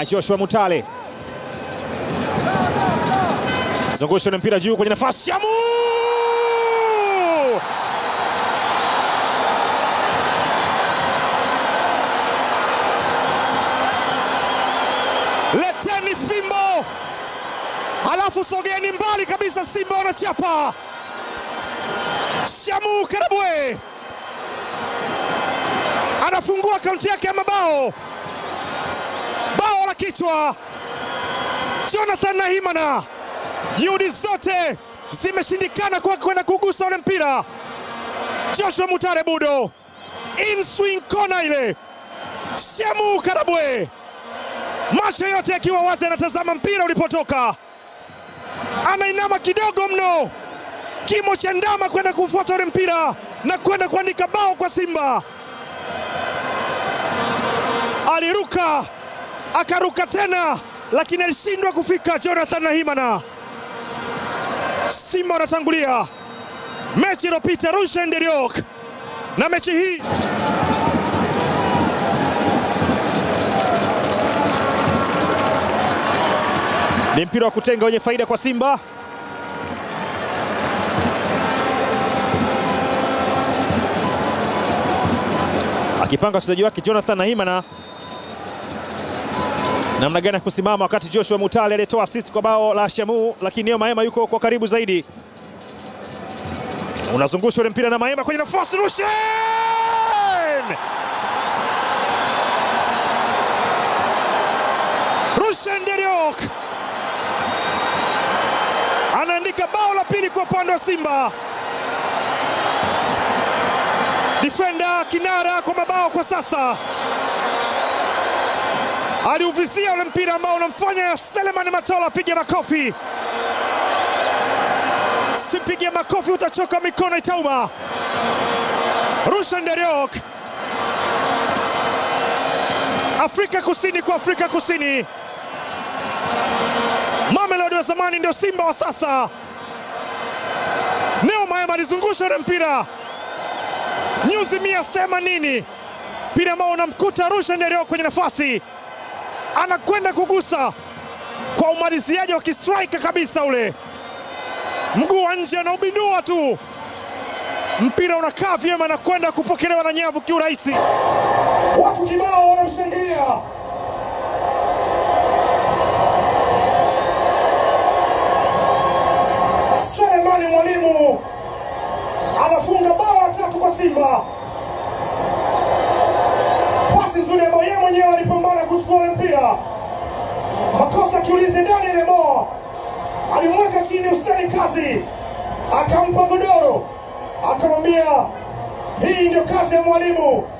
Joshua Mutale zungusha na mpira juu kwenye nafasi ya Leteni fimbo alafu sogeni mbali kabisa. Simba wanachapa. Shamu Karabwe anafungua kaunti yake ya mabao la kichwa. Jonathan Nahimana, juhudi zote zimeshindikana kwa kwenda kugusa ule mpira. Joshua Mutare Budo, swing kona ile, Shemu Karabwe, macho yote akiwa wazi, anatazama mpira ulipotoka, anainama kidogo mno, kimo cha ndama kwenda kufuata ule mpira na kwenda kuandika bao kwa Simba. akaruka tena, lakini alishindwa kufika Jonathan Nahimana. Simba wanatangulia. Mechi iliyopita Rushine De Reuck na mechi hii ni mpira wa kutenga wenye faida kwa Simba. Akipanga wachezaji wake Jonathan Nahimana namna gani ya kusimama, wakati Joshua Mutale aliyetoa assist kwa bao la Shamu, lakini Neo Maema yuko kwa karibu zaidi, unazungusha ule mpira na Maema kwenye nafasi, Rushen Rushen Deriok anaandika bao la pili kwa upande wa Simba. Defender kinara kwa mabao kwa sasa aliuvizia ule mpira ambao unamfanya Selemani Matola apige makofi. Sipige makofi, utachoka, mikono itauma. Rushan Deriok, Afrika Kusini kwa Afrika Kusini, Mamelodi wa zamani ndio Simba wa sasa. Neo Maema alizungusha ule mpira nyuzi mia themanini, mpira ambao unamkuta Rushan Deriok kwenye nafasi anakwenda kugusa kwa umaliziaji wa kistrike kabisa ule, mguu wa nje anaubindua tu, mpira unakaa vyema, anakwenda kupokelewa na nyavu kiurahisi. Watu kibao wanaoshangilia mpira, makosa kiulize ndani. Remo alimweka chini Hussein Kazi, akampa godoro, akamwambia hii ndio kazi ya mwalimu.